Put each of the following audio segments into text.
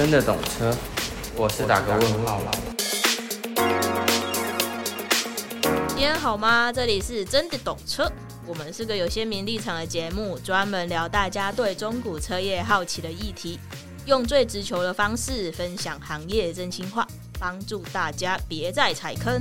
真的懂車，我是打個問號。今天好嗎？這裡是真的懂車，我們是個有鮮明立場的節目，專門聊大家對中古車業好奇的議題，用最直球的方式分享行業真心話，幫助大家別再踩坑。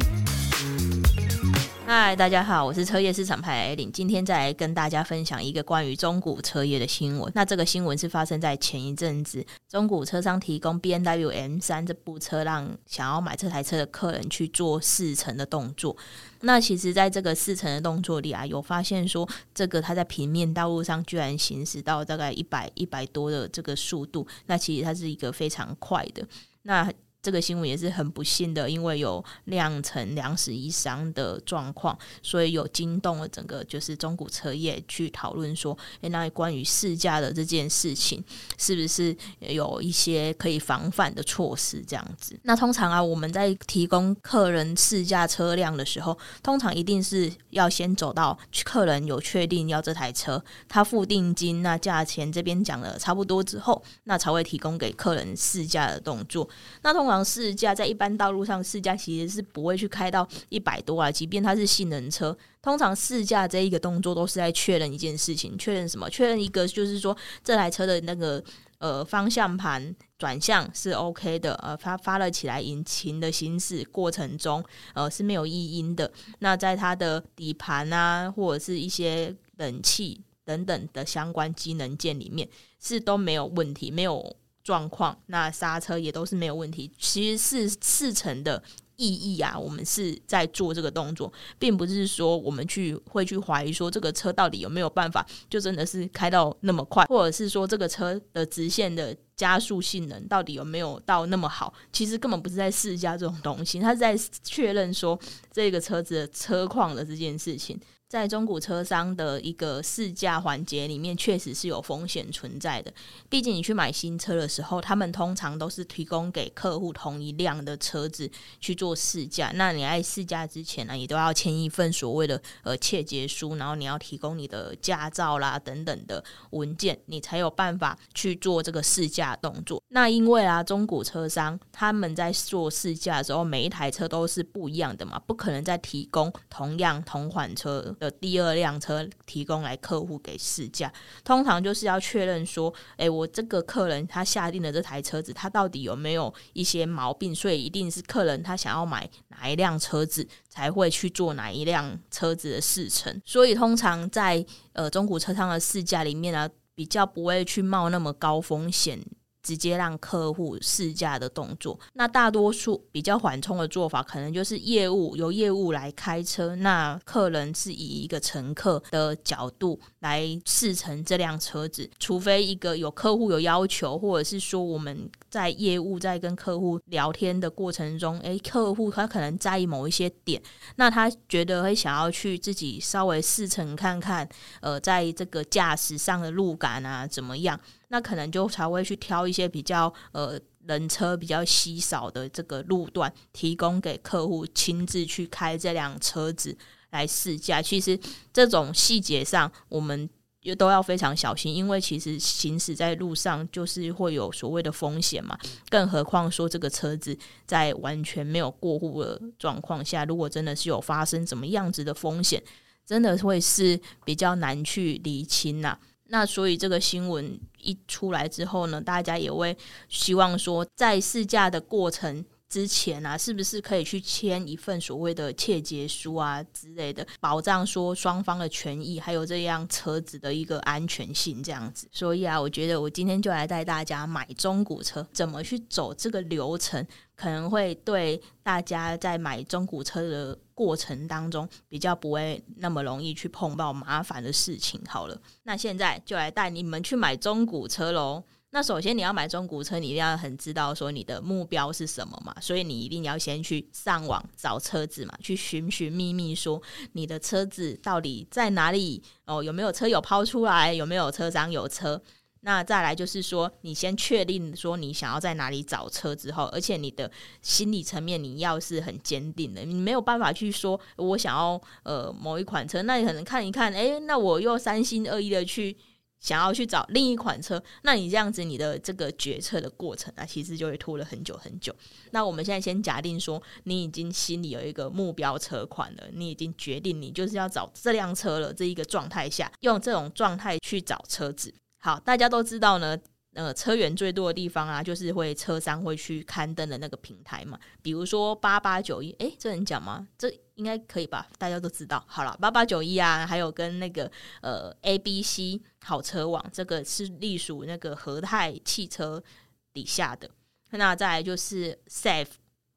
嗨，Hi, 大家好，我是車業市場派艾琳。今天再來跟大家分享一個關於中古車業的新聞。那這個新聞是發生在前一陣子，中古車商提供 BNWM 三這部車，讓想要買這台車的客人去做四層的動作。那其實，在這個四層的動作裡啊，有發現說，這個它在平面道路上居然行駛到大概一百一百多的這個速度。那其實它是一個非常快的。那這個新聞也是很不幸的，因為有釀成兩死一傷的狀況，所以有驚動了整個就是中古車業去討論說，誒，那關於試駕的這件事情，是不是也有一些可以防範的措施？這樣子，那通常啊，我們在提供客人試駕車輛的時候，通常一定是要先走到客人有確定要這台車，他付定金，那價錢這邊講了差不多之後，那才會提供給客人試駕的動作。那通通常試駕在一般道路上試駕其實是不會去開到一百多啊，即便它是性能車，通常試駕這一個動作都是在確認一件事情，確認什麼？確認一個就是說這台車的那個呃方向盤轉向是 OK 的，呃發發了起來，引擎的行駛過程中呃是沒有異音的。那在它的底盤啊或者是一些冷氣等等的相關機能件裡面是都沒有問題，沒有。狀況，那剎車也都是沒有問題。其實是試乘的意義啊，我們是在做這個動作，並不是說我們去會去懷疑說這個車到底有沒有辦法，就真的是開到那麼快，或者是說這個車的直線的加速性能到底有沒有到那麼好？其實根本不是在試駕這種東西，他是在確認說這個車子的車況的這件事情。在中古車商的一個試駕環節裡面，確實是有風險存在的。畢竟你去買新車的時候，他們通常都是提供給客戶同一輛的車子去做試駕。那你在試駕之前呢、啊，你都要簽一份所謂的呃切結書，然後你要提供你的駕照啦等等的文件，你才有辦法去做這個試駕動作。那因為啊，中古車商他們在做試駕的時候，每一台車都是不一樣的嘛，不可能再提供同樣同款車。的第二輛車提供來客戶給試駕，通常就是要確認說，誒、欸，我這個客人他下訂的這台車子，他到底有沒有一些毛病？所以一定是客人他想要買哪一輛車子，才會去做哪一輛車子的試乘。所以通常在呃中古車商的試駕裡面呢、啊，比較不會去冒那麼高風險。直接讓客戶試駕的動作，那大多數比較緩衝的做法，可能就是業務由業務來開車，那客人是以一個乘客的角度來試乘這輛車子。除非一個有客戶有要求，或者是說我們在業務在跟客戶聊天的過程中，誒，客戶他可能在意某一些點，那他覺得會想要去自己稍微試乘看看，呃，在這個駕駛上的路感啊，怎麼樣？那可能就才會去挑一些比較呃，人車比較稀少的這個路段，提供給客戶親自去開這輛車子來試駕。其實這種細節上，我們又都要非常小心，因為其實行駛在路上就是會有所謂的風險嘛。更何況說這個車子在完全沒有過戶的狀況下，如果真的是有發生怎麼樣子的風險，真的會是比較難去理清吶、啊。那所以這個新聞一出來之後呢，大家也會希望說，在試駕的過程之前啊，是不是可以去簽一份所謂的切結書啊之類的，保障說雙方的權益，還有這樣車子的一個安全性這樣子。所以啊，我覺得我今天就來帶大家買中古車，怎麼去走這個流程，可能會對大家在買中古車的過程當中比較不會那麼容易去碰到麻煩的事情。好了，那現在就來帶你們去買中古車嘍。那首先你要買中古車，你一定要很知道說你的目標是什麼嘛，所以你一定要先去上網找車子嘛，去尋尋覓覓，說你的車子到底在哪裡哦，有沒有車友拋出來，有沒有車商有車。那再來就是說，你先確定說你想要在哪裡找車之後，而且你的心理層面你要是很堅定的，你沒有辦法去說我想要呃某一款車，那你可能看一看，哎、欸，那我又三心二意的去想要去找另一款車，那你這樣子你的這個決策的過程啊，其實就會拖了很久很久。那我們現在先假定說，你已經心裡有一個目標車款了，你已經決定你就是要找這輛車了，這一個狀態下，用這種狀態去找車子。好，大家都知道呢，呃，車源最多的地方啊，就是會車商會去刊登的那個平台嘛，比如說八八九一，哎，這能講嗎？這應該可以吧？大家都知道。好了，八八九一啊，還有跟那個呃，ABC 好車網，這個是隸屬那個和泰汽車底下的。那再來就是 Safe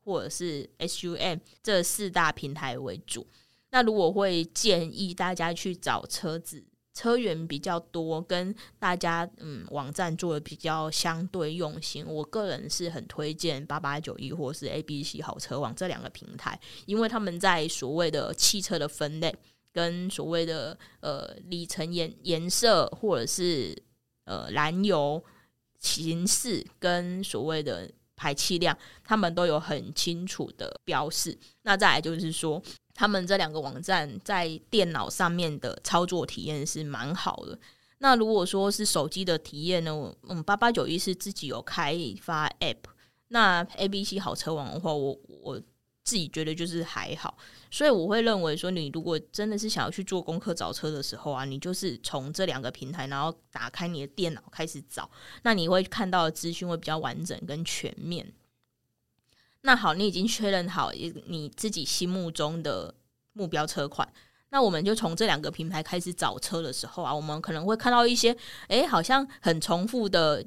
或者是 SUM 這四大平台為主。那如果會建議大家去找車子。車源比較多，跟大家嗯網站做的比較相對用心，我個人是很推薦八八九一或是 A B C 好車網這兩個平台，因為他們在所謂的汽車的分類跟所謂的呃里程顏顏色或者是呃燃油形式跟所謂的。排氣量，他們都有很清楚的標示。那再來就是說，他們這兩個網站在電腦上面的操作體驗是蠻好的。那如果說是手機的體驗呢？嗯，八八九一是自己有開發 App，那 ABC 好車網的話我，我我。自己覺得就是還好，所以我會認為說，你如果真的是想要去做功課找車的時候啊，你就是從這兩個平台，然後打開你的電腦開始找，那你會看到的資訊會比較完整跟全面。那好，你已經確認好你你自己心目中的目標車款，那我們就從這兩個平台開始找車的時候啊，我們可能會看到一些，哎、欸，好像很重複的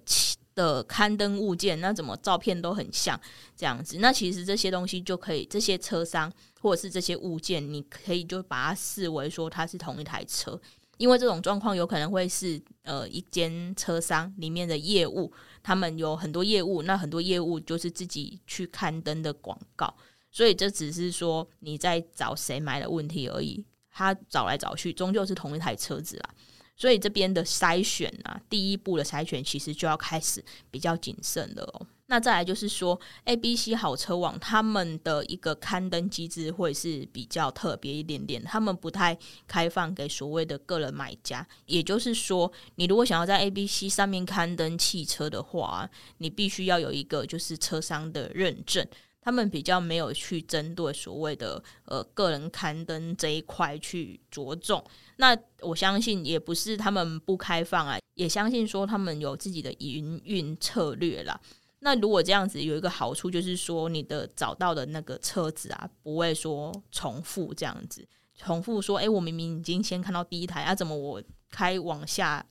的刊登物件，那怎麼照片都很像這樣子？那其實這些東西就可以，這些車商或者是這些物件，你可以就把它視為說它是同一台車，因為這種狀況有可能會是呃，一間車商裡面的業務，他們有很多業務，那很多業務就是自己去刊登的廣告，所以這只是說你在找誰買的問題而已，他找來找去終究是同一台車子啦。所以這邊的篩選啊，第一步的篩選其實就要開始比較謹慎了哦。那再來就是說，ABC 好車網他們的一個刊登機制會是比較特別一點點，他們不太開放給所謂的個人買家。也就是說，你如果想要在 ABC 上面刊登汽車的話，你必須要有一個就是車商的認證。他們比較沒有去針對所謂的呃個人刊登這一塊去着重，那我相信也不是他們不開放啊，也相信說他們有自己的營運策略啦。那如果這樣子有一個好處，就是說你的找到的那個車子啊，不會說重複這樣子，重複說，誒，我明明已經先看到第一台啊，怎麼我開往下？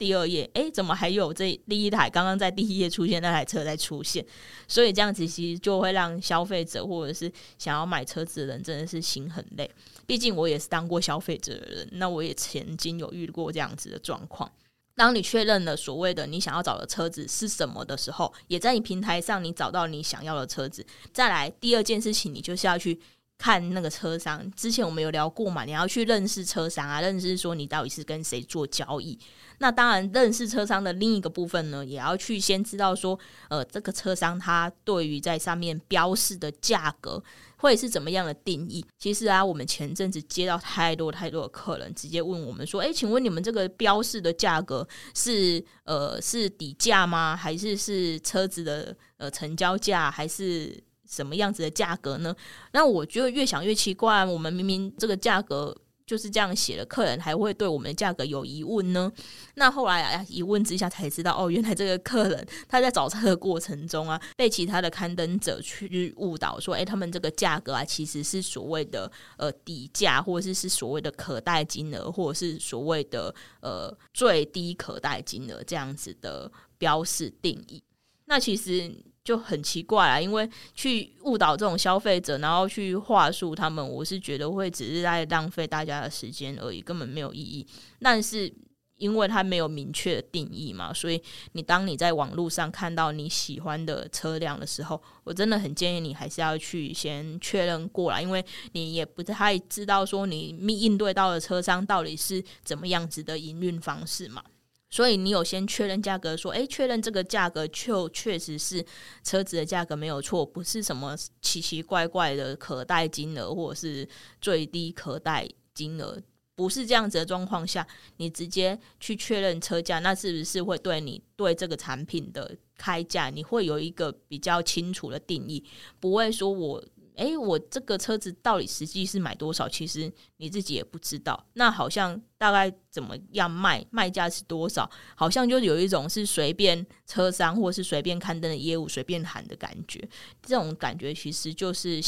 第二頁，誒、欸，怎麼還有這一第一台？剛剛在第一頁出現那台車在出現，所以這樣子其實就會讓消費者或者是想要買車子的人真的是心很累。畢竟我也是當過消費者的人，那我也曾經有遇過這樣子的狀況。當你確認了所謂的你想要找的車子是什麼的時候，也在你平台上你找到你想要的車子，再來第二件事情，你就是要去。看那個車商，之前我們有聊過嘛？你要去認識車商啊，認識說你到底是跟誰做交易。那當然，認識車商的另一個部分呢，也要去先知道說，呃，這個車商他對於在上面標示的價格會是怎麼樣的定義。其實啊，我們前陣子接到太多太多的客人直接問我們說，誒，請問你們這個標示的價格是呃，是底價嗎？還是是車子的呃，成交價？還是？什麼樣子的價格呢？那我覺得越想越奇怪啊，我們明明這個價格就是這樣寫的，客人還會對我們的價格有疑問呢。那後來啊，一問之下才知道，哦，原來這個客人他在找車的過程中啊，被其他的刊登者去誤導，說，誒，他們這個價格啊，其實是所謂的呃底價，或者是是所謂的可貸金額，或者是所謂的呃最低可貸金額這樣子的標示定義。那其實。就很奇怪啦，因為去誤導這種消費者，然後去話術他們，我是覺得會只是在浪費大家的時間而已，根本沒有意義。但是因為他沒有明確的定義嘛，所以你當你在網絡上看到你喜歡的車輛的時候，我真的很建議你還是要去先確認過來，因為你也不太知道說你面對到的車商到底是怎麼樣子的營運方式嘛。所以你有先確認價格，說誒，確認這個價格就確實是車子的價格沒有錯，不是什麼奇奇怪怪的可貸金額或者是最低可貸金額，不是這樣子的狀況下，你直接去確認車價，那是不是會對你對這個產品的開價，你會有一個比較清楚的定義，不會說我。誒，我這個車子到底實際是買多少？其實你自己也不知道。那好像大概怎麼樣賣，賣價是多少？好像就有一種是隨便車商，或是隨便刊登的業務隨便喊的感覺。這種感覺其實就是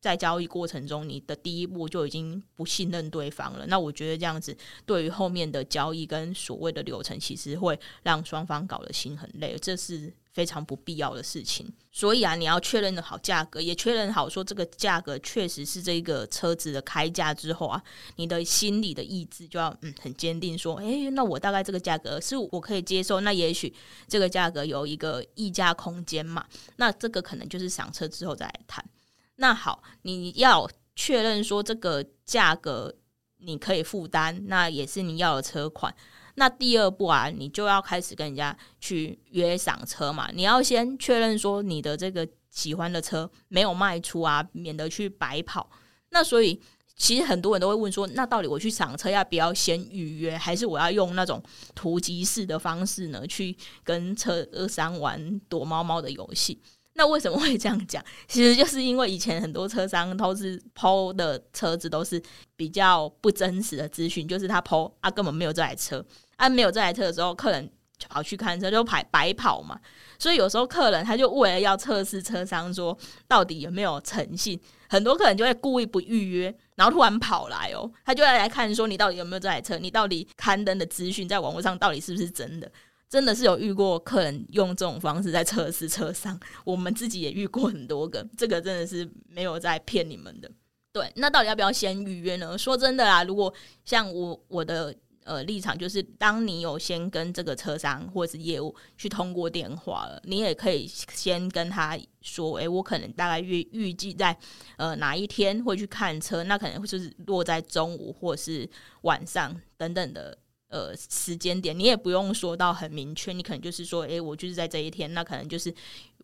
在交易過程中，你的第一步就已經不信任對方了。那我覺得這樣子，對於後面的交易跟所謂的流程，其實會讓雙方搞得心很累，這是非常不必要的事情。所以啊，你要確認的好價格，也確認好說這個價格確實是這個車子的開價之後啊，你的心理的意志就要嗯很堅定，說，誒、欸，那我大概這個價格是我可以接受，那也許這個價格有一個議價空間嘛，那這個可能就是上車之後再來談。那好，你要確認說這個價格你可以負擔，那也是你要的車款。那第二步啊，你就要開始跟人家去約賞車嘛。你要先確認說你的這個喜歡的車沒有賣出啊，免得去白跑。那所以其實很多人都會問說，那到底我去賞車要不要先預約，還是我要用那種突擊式的方式呢，去跟車商玩躲貓貓的遊戲？那為什麼會這樣講？其實就是因為以前很多車商都是 PO 的車子都是比較不真實的資訊，就是他 PO 啊根本沒有這台車。啊，沒有這台車的時候，客人跑去看車就白跑嘛。所以有時候客人他就為了要測試車商，說到底有沒有誠信，很多客人就會故意不預約，然後突然跑來哦，他就要來看說你到底有沒有這台車，你到底刊登的資訊在網絡上到底是不是真的？真的是有遇過客人用這種方式在測試車商，我們自己也遇過很多個，這個真的是沒有在騙你們的。對，那到底要不要先預約呢？說真的啊，如果像我我的。呃，立場就是，當你有先跟這個車商或是業務去通過電話了，你也可以先跟他說：“誒、欸，我可能大概預預計在呃哪一天會去看車，那可能會就是落在中午或是晚上等等的。”呃，時間點你也不用說到很明確，你可能就是說，欸，我就是在這一天，那可能就是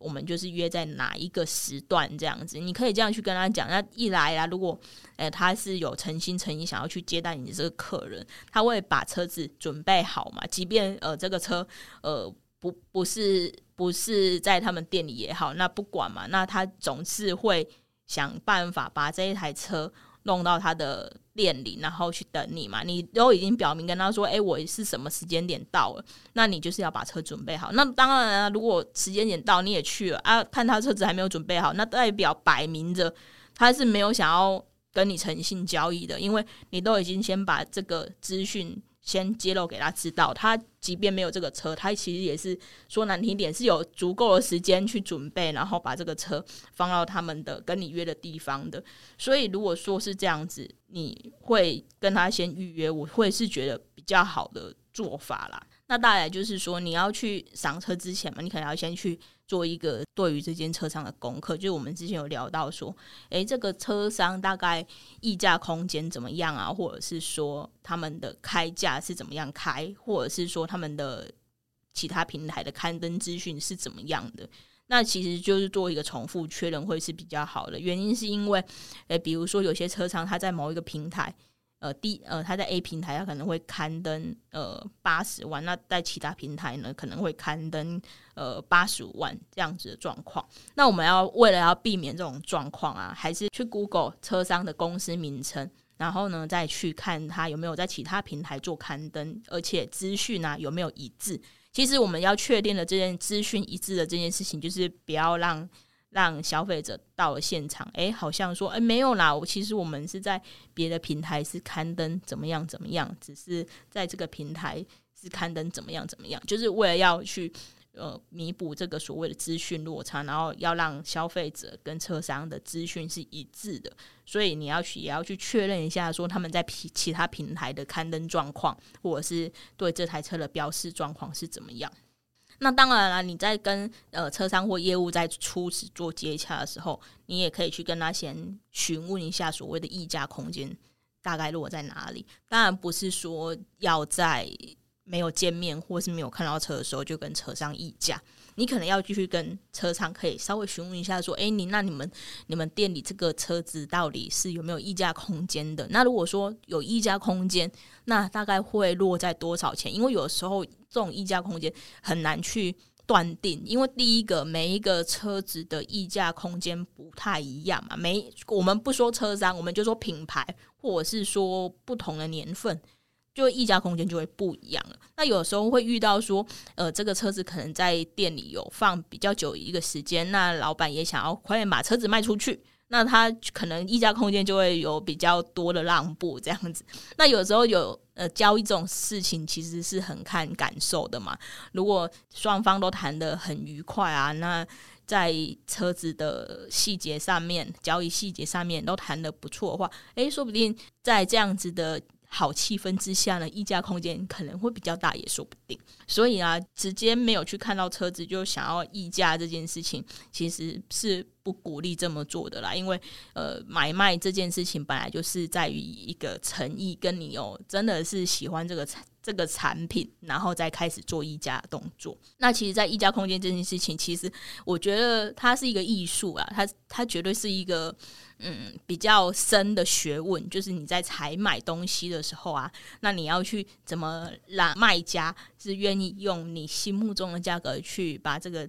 我們就是約在哪一個時段這樣子，你可以這樣去跟他講。那一來啊，如果欸他是有誠心誠意想要去接待你的這個客人，他會把車子準備好嘛？即便呃這個車呃不不是不是在他們店裡也好，那不管嘛，那他總是會想辦法把這一台車。弄到他的店裡，然後去等你嘛。你都已經表明跟他說，欸，我是什麼時間點到了，那你就是要把車準備好。那當然啊，如果時間點到你也去了啊，看他車子還沒有準備好，那代表擺明着他是沒有想要跟你誠信交易的，因為你都已經先把這個資訊。先揭露給他知道，他即便沒有這個車，他其實也是說難聽點是有足夠的時間去準備，然後把這個車放到他們的跟你約的地方的。所以如果說是這樣子，你會跟他先預約，我會是覺得比較好的做法啦。那大概就是說，你要去賞車之前嘛，你可能要先去。做一個對於這間車商的功課，就是我們之前有聊到說，哎、欸，這個車商大概議價空間怎麼樣啊？或者是說他們的開價是怎麼樣開？或者是說他們的其他平台的刊登資訊是怎麼樣的？那其實就是做一個重複確認會是比較好的。原因是因為，哎、欸，比如說有些車商他在某一個平台。呃，第呃，他在 A 平台他可能會刊登呃八十萬，那在其他平台呢可能會刊登呃八十五萬這樣子的狀況。那我們要為了要避免這種狀況啊，還是去 Google 車商的公司名稱，然後呢再去看他有沒有在其他平台做刊登，而且資訊啊有沒有一致。其實我們要確定的這件資訊一致的這件事情，就是不要讓。讓消費者到了現場，哎、欸，好像說，哎、欸，沒有啦，我其實我們是在別的平台是刊登怎麼樣怎麼樣，只是在這個平台是刊登怎麼樣怎麼樣，就是為了要去呃彌補這個所謂的資訊落差，然後要讓消費者跟車商的資訊是一致的，所以你要去也要去確認一下，說他們在其他平台的刊登狀況，或者是對這台車的標示狀況是怎麼樣。那當然啦，你在跟呃車商或業務在初始做接洽的時候，你也可以去跟他先詢問一下所謂的議價空間大概落在哪裡。當然不是說要在沒有見面或是沒有看到車的時候就跟車商議價。你可能要繼續跟車商，可以稍微詢問一下，說：“哎、欸，你那你們你們店裡這個車子到底是有沒有議價空間的？那如果說有議價空間，那大概會落在多少錢？因為有時候這種議價空間很難去斷定，因為第一個每一個車子的議價空間不太一樣嘛。沒，我們不說車商，我們就說品牌或者是說不同的年份。”就議價空間就會不一樣了。那有時候會遇到說，呃，這個車子可能在店裡有放比較久一個時間，那老板也想要快點把車子賣出去，那他可能議價空間就會有比較多的讓步這樣子。那有時候有呃交易這種事情，其實是很看感受的嘛。如果雙方都談得很愉快啊，那在車子的細節上面、交易細節上面都談得不錯的話，哎、欸，說不定在這樣子的。好氣氛之下呢，議價空間可能會比較大，也說不定。所以啊，直接沒有去看到車子就想要議價這件事情，其實是。不鼓勵這麼做的啦，因為呃，買賣這件事情本來就是在於一個誠意，跟你有真的是喜歡這個產這個產品，然後再開始做議價動作。那其實，在議價空間這件事情，其實我覺得它是一個藝術啊，它它絕對是一個嗯比較深的學問，就是你在採買東西的時候啊，那你要去怎麼讓賣家是願意用你心目中的價格去把這個。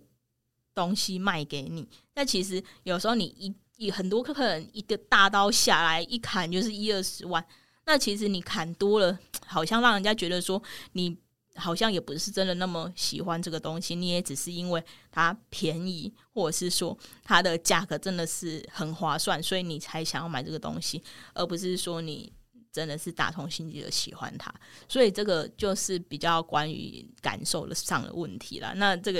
東西賣給你，那其實有時候你一一很多客人一個大刀下來一砍就是一二十萬，那其實你砍多了，好像讓人家覺得說你好像也不是真的那麼喜歡這個東西，你也只是因為它便宜，或者是說它的價格真的是很划算，所以你才想要買這個東西，而不是說你真的是打從心底的喜歡它。所以這個就是比較關於感受的上的問題了。那這個。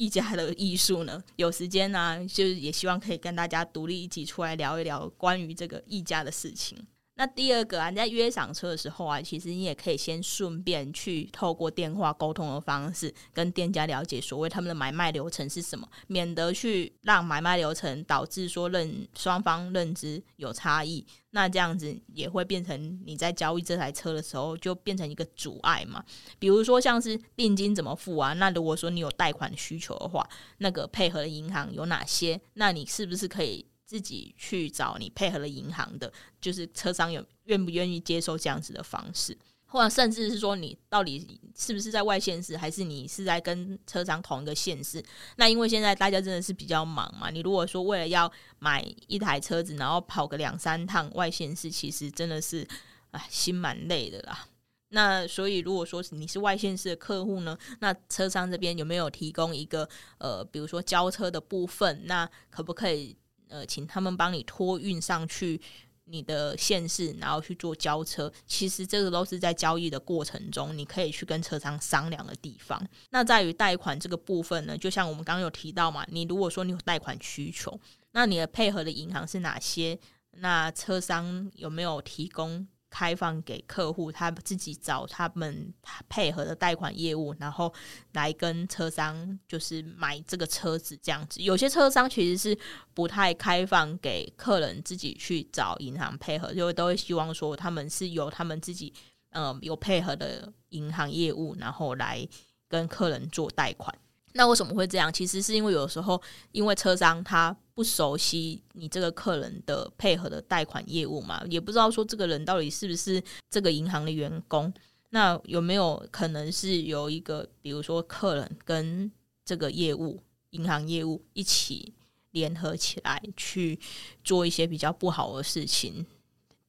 議價的藝術呢，有時間呢，啊，就是也希望可以跟大家獨立一起出來聊一聊關於這個議價的事情。那第二個，啊，你在約賞車的時候啊，其實你也可以先順便去透過電話溝通的方式，跟店家了解所謂他們的買賣流程是什麼，免得去讓買賣流程導致說認雙方認知有差異，那這樣子也會變成你在交易這台車的時候就變成一個阻礙嘛。比如說像是定金怎麼付啊？那如果說你有貸款需求的話，那個配合的銀行有哪些？那你是不是可以？自己去找你配合了銀行的，就是車商有願不願意接受這樣子的方式，或者甚至是說你到底是不是在外縣市，還是你是在跟車商同一個縣市？那因為現在大家真的是比較忙嘛，你如果說為了要買一台車子，然後跑個兩三趟外縣市，其實真的是唉，心蠻累的啦。那所以如果說你是外縣市的客戶呢，那車商這邊有沒有提供一個呃，比如說交車的部分，那可不可以？呃，請他們幫你托運上去你的縣市，然後去做交車。其實這個都是在交易的過程中，你可以去跟車商商量的地方。那在於貸款這個部分呢，就像我們剛剛有提到嘛，你如果說你有貸款需求，那你的配合的銀行是哪些？那車商有沒有提供？開放給客戶，他們自己找他們配合的貸款業務，然後來跟車商就是買這個車子這樣子。有些車商其實是不太開放給客人自己去找銀行配合，就都會希望說他們是由他們自己，嗯、呃，有配合的銀行業務，然後來跟客人做貸款。那為什麼會這樣？其實是因為有時候，因為車商他不熟悉你這個客人的配合的貸款業務嘛，也不知道說這個人到底是不是這個銀行的員工。那有沒有可能是有一個，比如說客人跟這個業務，銀行業務一起聯合起來去做一些比較不好的事情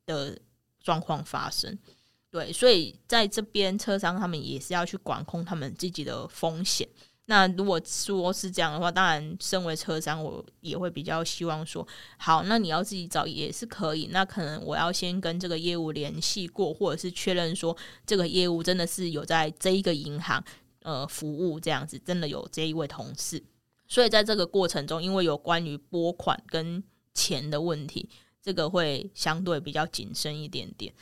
的狀況發生？對，所以在這邊車商他們也是要去管控他們自己的風險。那如果說是這樣的話，當然，身為車商，我也會比較希望說，好，那你要自己找也是可以。那可能我要先跟這個業務聯繫過，或者是確認說這個業務真的是有在這一個銀行，呃服務這樣子，真的有這一位同事。所以在這個過程中，因為有關於撥款跟錢的問題，這個會相對比較謹慎一點點。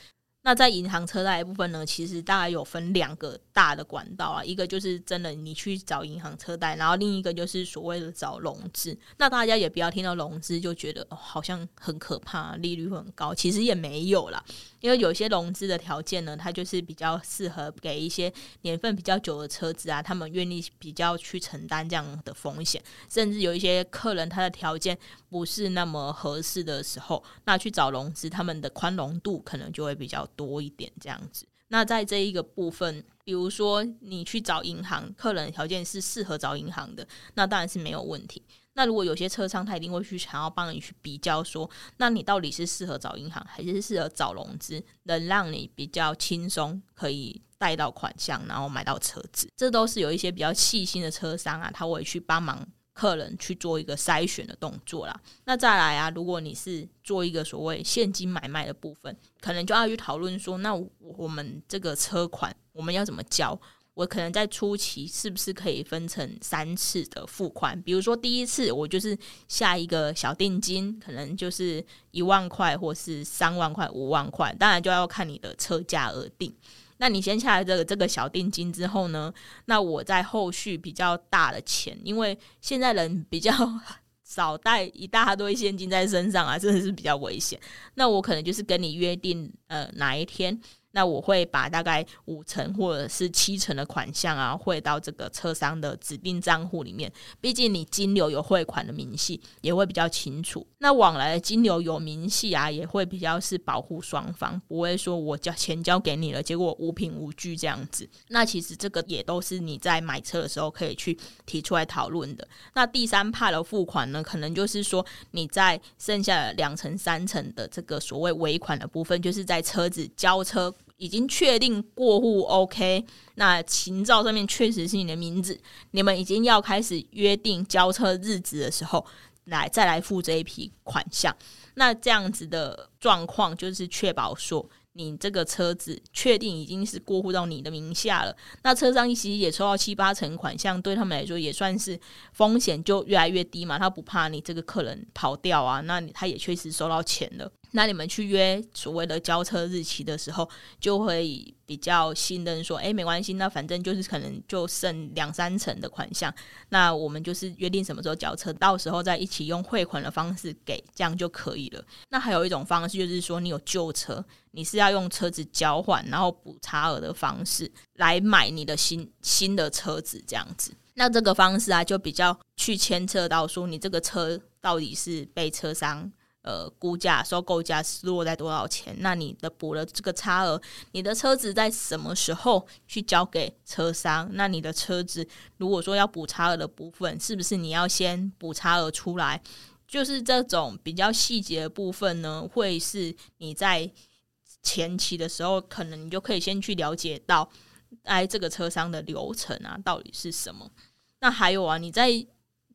那在銀行車貸的部分呢，其實大概有分兩個大的管道啊，一個就是真的你去找銀行車貸，然後另一個就是所謂的找融資。那大家也不要聽到融資就覺得好像很可怕，利率很高，其實也沒有啦。因為有些融資的條件呢，它就是比較適合給一些年份比較久的車子啊，他們願意比較去承擔這樣的風險。甚至有一些客人他的條件不是那麼合適的時候，那去找融資，他們的寬容度可能就會比較多一點這樣子，那在這一個部分，比如說你去找銀行，客人條件是適合找銀行的，那當然是沒有問題。那如果有些車商，他一定會去想要幫你去比較說，說那你到底是適合找銀行還是適合找融資，能讓你比較輕鬆可以貸到款項，然後買到車子，這都是有一些比較細心的車商啊，他會去幫忙。客人去做一個篩選的動作啦，那再來啊，如果你是做一個所謂現金買賣的部分，可能就要去討論說，那我們這個車款我們要怎麼交？我可能在初期是不是可以分成三次的付款？比如說第一次我就是下一個小定金，可能就是一萬塊或是三萬塊、五萬塊，當然就要看你的車價而定。那你先下了這個這個小定金之後呢？那我在後續比較大的錢，因為現在人比較少帶一大堆現金在身上啊，真的是比較危險。那我可能就是跟你約定，呃，哪一天？那我會把大概五成或者是七成的款項啊，匯到這個車商的指定賬戶裡面，畢竟你金流有匯款的明細也會比較清楚。那往來的金流有明細啊，也會比較是保護雙方，不會說我交錢交給你了，結果無憑無據這樣子。那其實這個也都是你在買車的時候可以去提出來討論的。那第三 part 的付款呢，可能就是說你在剩下的兩成、三成的這個所謂尾款的部分，就是在車子交車。已經確定過戶 OK，那行照上面確實是你的名字，你們已經要開始約定交車日子的時候，來再來付這一筆款項。那這樣子的狀況就是確保說你這個車子確定已經是過戶到你的名下了，那車商其實也收到七八成款項，對他們來說也算是風險就越來越低嘛，他不怕你這個客人跑掉啊，那他也確實收到錢了。那你們去約所謂的交車日期的時候，就會比較信任說，誒沒關係，那反正就是可能就剩兩三成的款項，那我們就是約定什麼時候交車，到時候再一起用匯款的方式給，這樣就可以了。那還有一種方式就是說，你有舊車，你是要用車子交換，然後補差額的方式來買你的新新的車子，這樣子。那這個方式啊，就比較去牽涉到說，你這個車到底是被車商。呃，估價收購價是落在多少錢？那你的補了這個差額，你的車子在什麼時候去交給車商？那你的車子如果說要補差額的部分，是不是你要先補差額出來？就是這種比較細節的部分呢，會是你在前期的時候，可能你就可以先去了解到，哎，這個車商的流程啊，到底是什麼？那還有啊，你在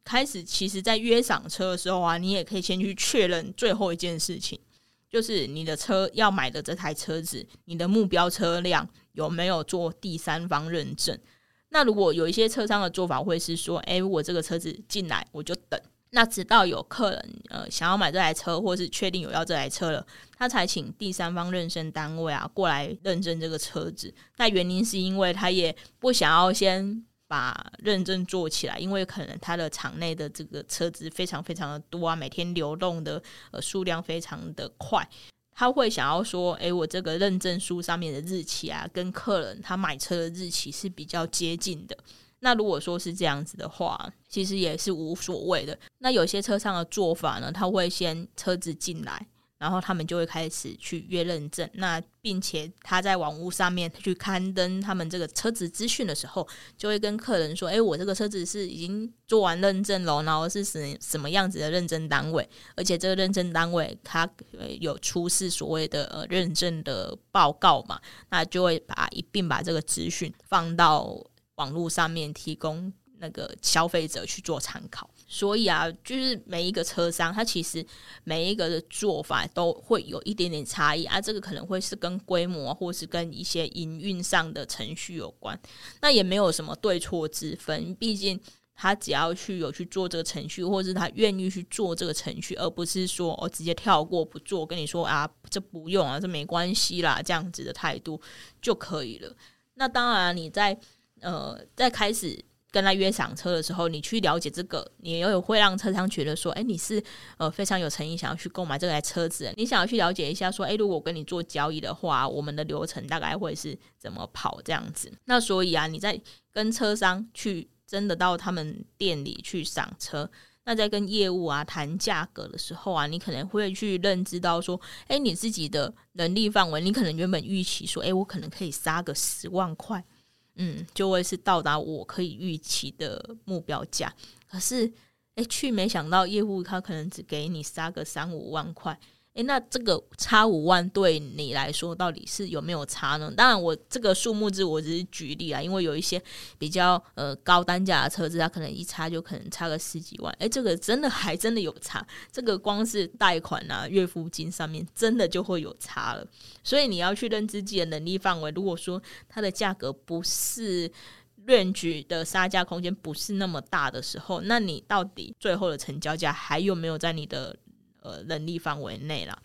開始，其實，在約賞車的時候啊，你也可以先去確認最後一件事情，就是你的車要買的這台車子，你的目標車輛有沒有做第三方認證？那如果有一些車商的做法會是說，欸，如果這個車子進來我就等，那直到有客人呃想要買這台車，或是確定有要這台車了，他才請第三方認證單位啊過來認證這個車子。但原因是因為他也不想要先。把認證做起來，因為可能他的場內的這個車子非常非常的多啊，每天流動的呃數量非常的快，他會想要說，誒、欸，我這個認證書上面的日期啊，跟客人他買車的日期是比較接近的。那如果說是這樣子的話，其實也是無所謂的。那有些車商的做法呢，他會先車子進來。然後他們就會開始去約認證，那並且他在網屋上面去刊登他們這個車子資訊的時候，就會跟客人說：“哎、欸，我這個車子是已經做完認證了，然後是什什麼樣子的認證單位，而且這個認證單位他有出示所謂的呃認證的報告嘛？那就會把一併把這個資訊放到網絡上面，提供那個消費者去做參考。”所以啊，就是每一個車商，他其實每一個的做法都會有一點點差異啊。這個可能會是跟規模，或是跟一些營運上的程序有關。那也沒有什麼對錯之分，畢竟他只要去有去做這個程序，或是他願意去做這個程序，而不是說哦直接跳過不做，跟你說啊這不用啊，這沒關係啦，這樣子的態度就可以了。那當然你在呃在開始。跟他約賞車的時候，你去了解這個，你也有會讓車商覺得說，欸，你是呃非常有誠意想要去購買這台車子，你想要去了解一下說，欸，如果跟你做交易的話，我們的流程大概會是怎麼跑這樣子。那所以啊，你在跟車商去真的到他們店裡去賞車，那在跟業務啊談價格的時候啊，你可能會去認知到說，欸，你自己的能力範圍，你可能原本預期說，欸，我可能可以殺個十萬塊。嗯，就會是到達我可以預期的目標價，可是，哎，去沒想到業務他可能只給你殺個三五萬塊。誒，那這個差五萬對你來說到底是有沒有差呢？當然，我這個數目字我只是舉例啦，因為有一些比較呃高單價的車子，它可能一差就可能差個十幾萬。誒，這個真的還真的有差，這個光是貸款啊、月付金上面真的就會有差了。所以你要去認知自己的能力範圍。如果說它的價格不是論舉的殺價空間不是那麼大的時候，那你到底最後的成交價還有沒有在你的？呃，能力範圍內了。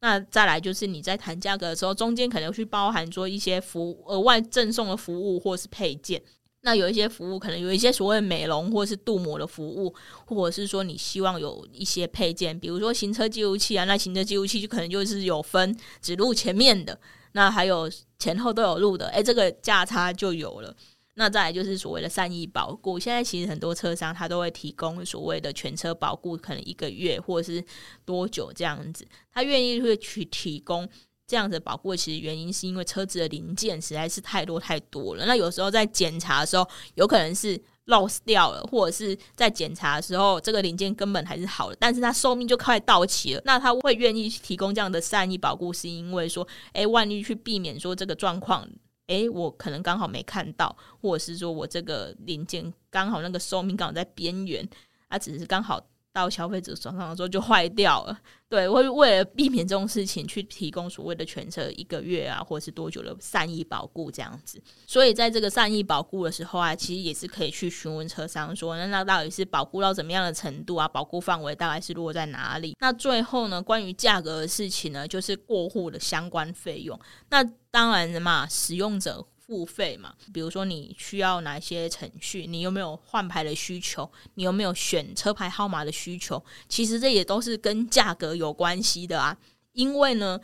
那再來就是你在談價格的時候，中間可能去包含說一些服額外贈送的服務或是配件。那有一些服務可能有一些所謂美容或是鍍膜的服務，或者是說你希望有一些配件，比如說行車記錄器啊。那行車記錄器就可能就是有分只錄前面的，那還有前後都有錄的。誒、欸，這個價差就有了。那再來就是所謂的善意保固。現在其實很多車商他都會提供所謂的全車保固，可能一個月或者是多久這樣子，他願意會去提供這樣子的保固，其實原因是因為車子的零件實在是太多太多了，那有時候在檢查的時候，有可能是 lost 掉了，或者是在檢查的時候這個零件根本還是好的，但是它壽命就快到期了，那他會願意去提供這樣的善意保固，是因為說，誒、欸，萬一去避免說這個狀況。誒，我可能剛好沒看到，或者是說我這個零件剛好那個壽命剛好在邊緣，它、啊、只是剛好。到消費者手上的時候就壞掉了，對，為為了避免這種事情，去提供所謂的全車一個月啊，或者是多久的善意保固這樣子。所以在這個善意保固的時候啊，其實也是可以去詢問車商說，那那到底是保固到怎麼樣的程度啊？保固範圍大概是落在哪裡？那最後呢，關於價格的事情呢，就是過戶的相關費用。那當然了嘛，使用者。付費嘛，比如說你需要哪些程序，你有沒有換牌的需求，你有沒有選車牌號碼的需求？其實這也都是跟價格有關係的啊。因為呢，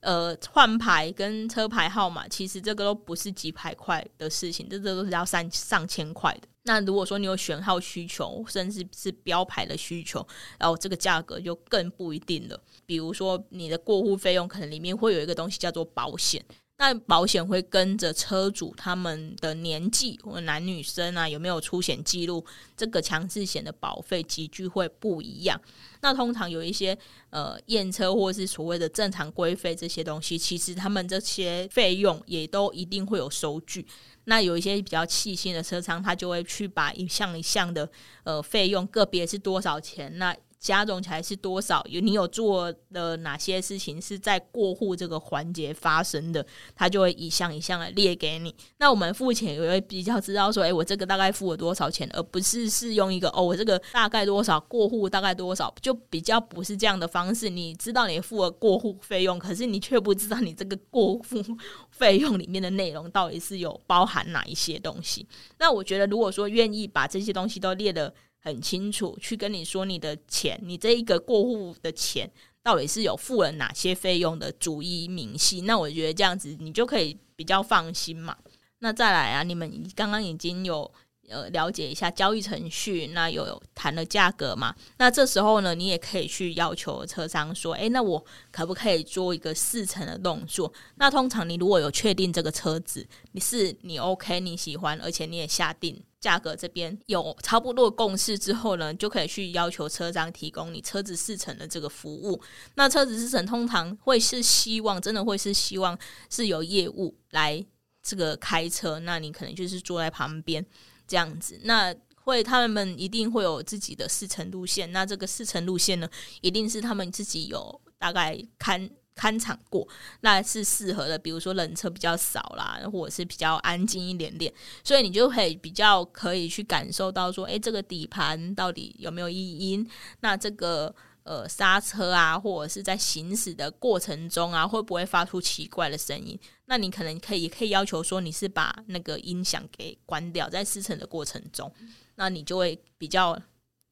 呃，換牌跟車牌號碼其實這個都不是幾百塊的事情，這這個都是要上上千塊的。那如果說你有選號需求，甚至是標牌的需求，然後這個價格就更不一定了。比如說你的過戶費用，可能裡面會有一個東西叫做保險。那保險會跟着車主他們的年紀或男女生啊，有沒有出險記錄，這個強制險的保費級距會不一樣。那通常有一些呃驗車或者是所謂的正常規費這些東西，其實他們這些費用也都一定會有收據。那有一些比較細心的車商，他就會去把一項一項的呃費用個別是多少錢那，加總起來是多少？有你有做的哪些事情是在過戶這個環節發生的？他就會一項一項的列給你。那我們付錢也會比較知道說，誒、欸，我這個大概付了多少錢，而不是是用一個哦，我這個大概多少過戶大概多少，就比較不是這樣的方式。你知道你付了過戶費用，可是你卻不知道你這個過戶費用裡面的內容到底是有包含哪一些東西。那我覺得，如果說願意把這些東西都列的，很清楚，去跟你說你的錢，你這一個過戶的錢到底是有付了哪些費用的逐一明細。那我覺得這樣子你就可以比較放心嘛。那再來啊，你們剛剛已經有呃了解一下交易程序，那有談了價格嘛？那這時候呢，你也可以去要求車商說，哎、欸，那我可不可以做一個試乘的動作？那通常你如果有確定這個車子你是你 OK 你喜歡，而且你也下定。價格這邊有差不多的共識之後呢，就可以去要求車商提供你車子試乘的這個服務。那車子試乘通常會是希望，真的會是希望是有業務來這個開車，那你可能就是坐在旁邊這樣子。那會他們一定會有自己的試乘路線，那這個試乘路線呢，一定是他們自己有大概看。看場過，那是適合的。比如說人車比較少啦，或者是比較安靜一點點，所以你就會比較可以去感受到說，欸，這個底盤到底有沒有異音？那這個呃剎車啊，或者是在行駛的過程中啊，會不會發出奇怪的聲音？那你可能可以可以要求說，你是把那個音響給關掉，在試乘的過程中，那你就會比較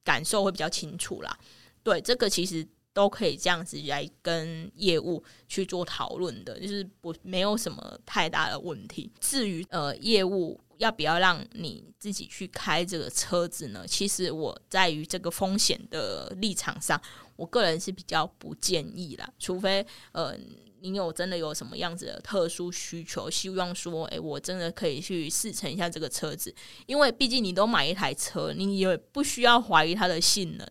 感受會比較清楚啦。對，這個其實。都可以這樣子來跟業務去做討論的，就是不沒有什麼太大的問題。至於呃，業務要不要讓你自己去開這個車子呢？其實我在於這個風險的立場上，我個人是比較不建議啦，除非呃，你有真的有什麼樣子的特殊需求，希望說誒、欸，我真的可以去試乘一下這個車子，因為畢竟你都買一台車，你也不需要懷疑它的性能。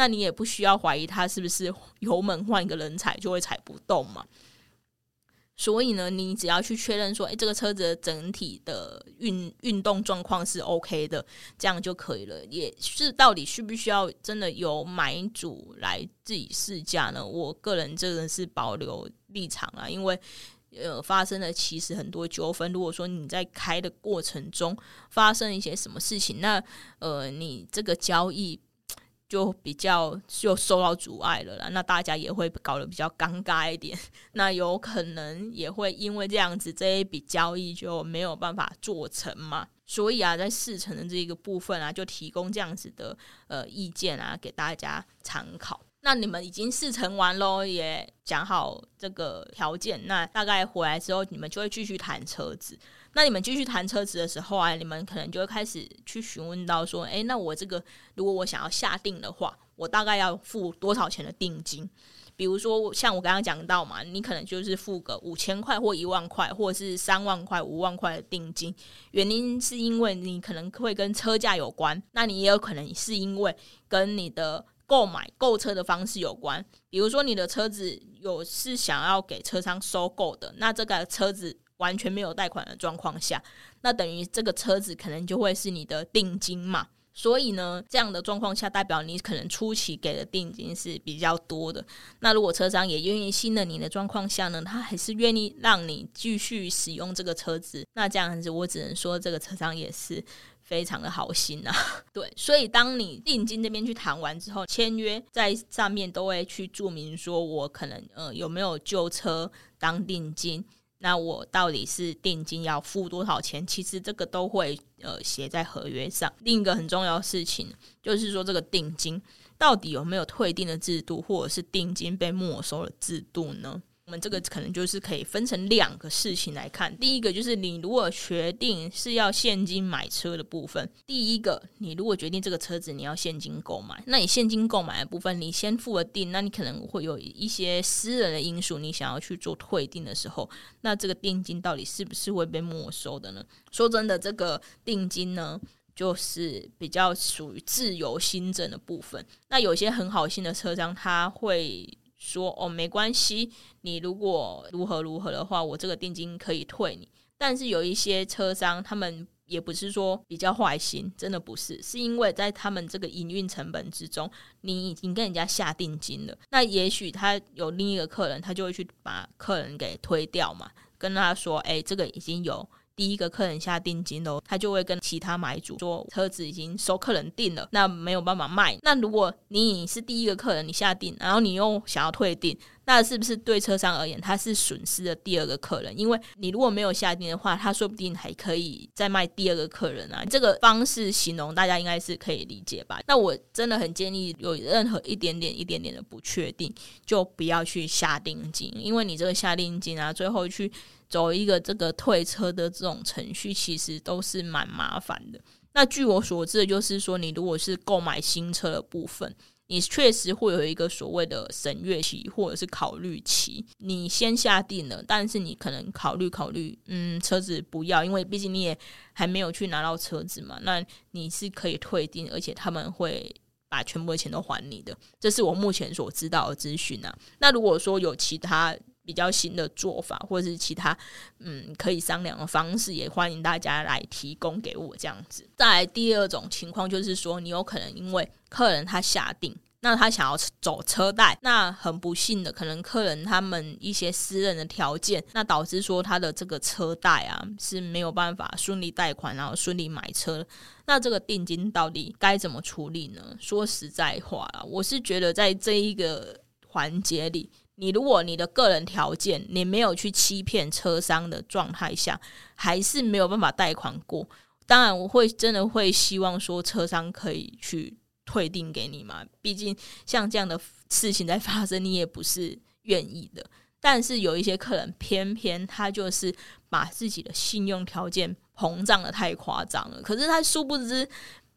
那你也不需要懷疑它是不是油門換一個人踩就會踩不動嘛？所以呢，你只要去確認說，誒，這個車子整體的運運動狀況是 OK 的，這樣就可以了。也是到底需不需要真的由買主來自己試駕呢？我個人這個是保留立場啊，因為呃，發生了其實很多糾紛。如果說你在開的過程中發生一些什麼事情，那呃，你這個交易。就比較就受到阻礙了啦，那大家也會搞得比較尷尬一點，那有可能也會因為這樣子，這一筆交易就沒有辦法做成嘛。所以啊，在試乘的這個部分啊，就提供這樣子的呃意見啊，給大家參考。那你們已經試乘完嘍，也講好這個條件，那大概回來之後，你們就會繼續談車子。那你們繼續談車子的時候啊，你們可能就會開始去詢問到說，哎、欸，那我這個如果我想要下定的話，我大概要付多少錢的定金？比如說，像我剛剛講到嘛，你可能就是付個五千塊或一萬塊，或者是三萬塊、五萬塊的定金。原因是因為你可能會跟車價有關，那你也有可能是因為跟你的購買購車的方式有關。比如說，你的車子有是想要給車商收購的，那這個車子。完全沒有貸款的狀況下，那等於這個車子可能就會是你的定金嘛。所以呢，這樣的狀況下，代表你可能初期給的定金是比較多的。那如果車商也願意信任你的狀況下呢，他還是願意讓你繼續使用這個車子。那這樣子，我只能說這個車商也是非常的好心吶、啊。對，所以當你定金這邊去談完之後，簽約在上面都會去注明說，我可能呃有沒有舊車當定金。那我到底是定金要付多少錢？其實這個都會呃寫在合約上。另一個很重要的事情就是說，這個定金到底有沒有退訂的制度，或者是定金被沒收的制度呢？我們這個可能就是可以分成兩個事情來看。第一個就是你如果決定是要現金買車的部分，第一個你如果決定這個車子你要現金購買，那你現金購買的部分你先付了定，那你可能會有一些私人的因素，你想要去做退訂的時候，那這個定金到底是不是會被沒收的呢？說真的，這個定金呢，就是比較屬於自由心證的部分。那有些很好心的車商他會。說哦，沒關係，你如果如何如何的話，我這個定金可以退你。但是有一些車商，他們也不是說比較壞心，真的不是，是因為在他們這個營運成本之中，你已經跟人家下定金了，那也許他有另一個客人，他就會去把客人給推掉嘛，跟他說，欸，這個已經有。第一個客人下定金了哦，他就會跟其他買主說車子已經收客人訂了，那沒有辦法賣。那如果你是第一個客人，你下訂，然後你又想要退訂，那是不是對車商而言他是損失了第二個客人？因為你如果沒有下訂的話，他說不定還可以再賣第二個客人啊。這個方式形容大家應該是可以理解吧？那我真的很建議，有任何一點點、一點點的不確定，就不要去下定金，因為你這個下定金啊，最後去走一個這個退車的這種程序，其實都是蠻麻煩的。那據我所知，的就是說，你如果是購買新車的部分，你確實會有一個所謂的審閱期或者是考慮期，你先下定了，但是你可能考慮考慮，嗯，車子不要，因為畢竟你也還沒有去拿到車子嘛。那你是可以退訂，而且他們會把全部的錢都還你的。這是我目前所知道的資訊啊。那如果說有其他，比較新的做法，或者是其他嗯可以商量的方式，也歡迎大家來提供給我這樣子。再來第二種情況，就是說你有可能因為客人他下定，那他想要走車貸，那很不幸的，可能客人他們一些私人的條件，那導致說他的這個車貸啊是沒有辦法順利貸款，然後順利買車。那這個定金到底該怎麼處理呢？說實在話啊，我是覺得在這一個環節裡。你如果你的個人條件你沒有去欺騙車商的狀態下，還是沒有辦法貸款過。當然，我會真的會希望說車商可以去退訂給你嘛。畢竟像這樣的事情在發生，你也不是願意的。但是有一些客人偏偏他就是把自己的信用條件膨脹得太誇張了，可是他殊不知。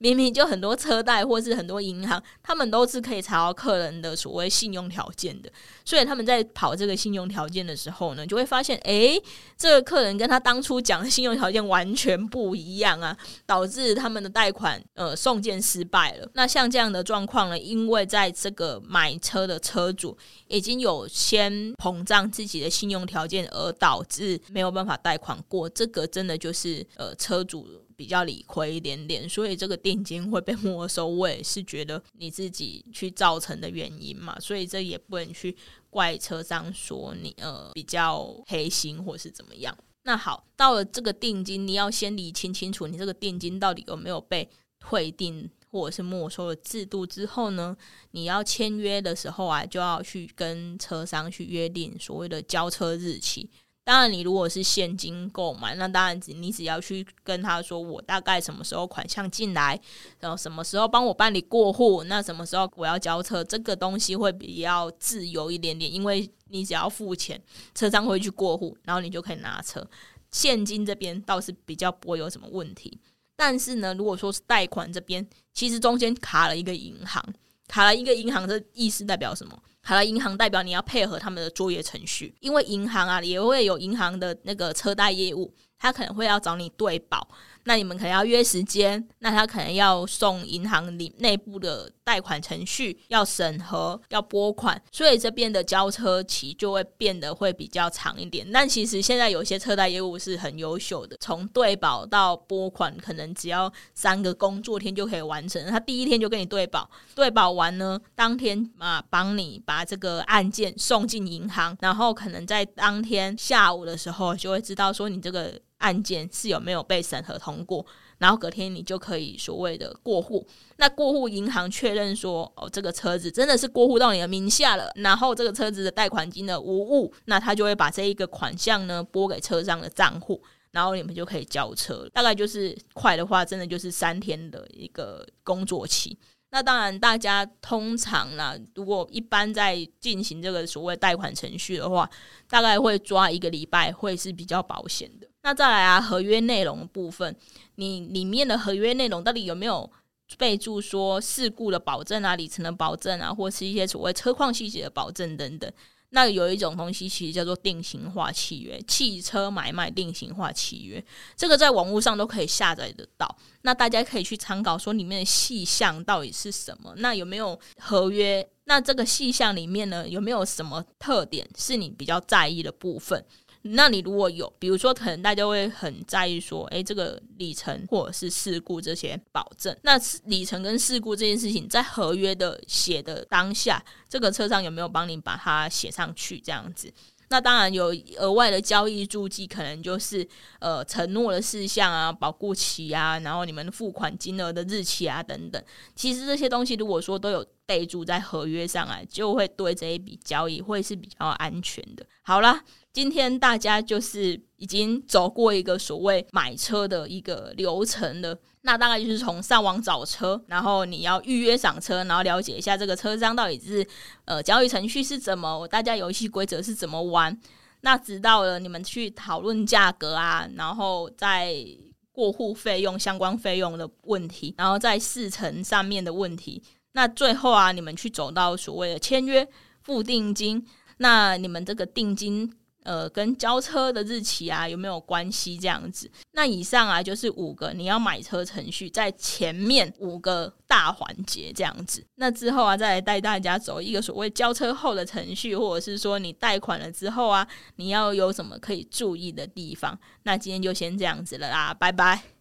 明明就很多車貸，或是很多銀行，他們都是可以查到客人的所謂信用條件的。所以他們在跑這個信用條件的時候呢，就會發現，誒、欸，這個客人跟他當初講的信用條件完全不一樣啊，導致他們的貸款呃送件失敗了。那像這樣的狀況呢，因為在這個買車的車主已經有先膨脹自己的信用條件，而導致沒有辦法貸款過。這個真的就是呃車主比較理虧一點點，所以這個定金會被沒收。我也是覺得你自己去造成的原因嘛，所以這也不能去怪車商說你呃比較黑心或是怎麼樣。那好，到了這個定金，你要先理清清楚，你這個定金到底有沒有被退訂或者是沒收的制度之後呢，你要簽約的時候啊，就要去跟車商去約定所謂的交車日期。當然，你如果是現金購買，那當然你只要去跟他說，我大概什麼時候款項進來，然後什麼時候幫我辦理過戶，那什麼時候我要交車，這個東西會比較自由一點點，因為你只要付錢，車商會去過戶，然後你就可以拿車。現金這邊倒是比較不會有什麼問題，但是呢，如果說是貸款這邊，其實中間卡了一個銀行。卡了，一個銀行的意思代表什麼？卡了，銀行代表你要配合他們的作業程序，因為銀行啊也會有銀行的那個車貸業務，他可能會要找你對保。那你們可能要約時間，那他可能要送銀行裡內部的貸款程序，要審核、要撥款，所以這邊的交車期就會變得會比較長一點。但其實現在有些車貸業務是很優秀的，從對保到撥款可能只要三個工作天就可以完成。他第一天就跟你對保，對保完呢，當天啊幫你把這個案件送進銀行，然後可能在當天下午的時候就會知道說你這個。案件是有沒有被審核通過，然後隔天你就可以所謂的過戶。那過戶銀行確認說，哦，這個車子真的是過戶到你的名下了，然後這個車子的貸款金額無誤，那他就會把這一個款項呢撥給車商的賬戶，然後你們就可以交車。大概就是快的話，真的就是三天的一個工作期。那當然，大家通常呢，如果一般在進行這個所謂貸款程序的話，大概會抓一個禮拜，會是比較保險。那再來啊，合約內容的部分，你裡面的合約內容到底有沒有備註說事故的保證啊、里程的保證啊，或是一些所謂車況細節的保證等等？那有一種東西其實叫做定型化契約，汽車買賣定型化契約，這個在網絡上都可以下載得到。那大家可以去參考，說裡面的細項到底是什麼？那有沒有合約？那這個細項裡面呢，有沒有什麼特點是你比較在意的部分？那你如果有，比如說，可能大家會很在意說，誒、欸，這個里程或者是事故這些保證，那里程跟事故這件事情，在合約的寫的當下，這個車上有沒有幫你把它寫上去？這樣子？那當然有額外的交易註記，可能就是呃承諾的事項啊，保固期啊，然後你們付款金額的日期啊等等。其實這些東西如果說都有備注在合約上來、啊，就會對這一筆交易會是比較安全的。好啦。今天大家就是已經走過一個所謂買車的一個流程了，那大概就是從上網找車，然後你要預約賞車，然後了解一下這個車商到底是呃交易程序是怎麼，大家遊戲規則是怎麼玩，那直到了你們去討論價格啊，然後再過戶費用相關費用的問題，然後再試乘上面的問題，那最後啊你們去走到所謂的簽約付定金，那你們這個定金。呃，跟交車的日期啊有沒有關係？這樣子，那以上啊就是五個你要買車程序在前面五個大環節這樣子，那之後啊再來帶大家走一個所謂交車後的程序，或者是說你貸款了之後啊，你要有什麼可以注意的地方？那今天就先這樣子了啦，拜拜。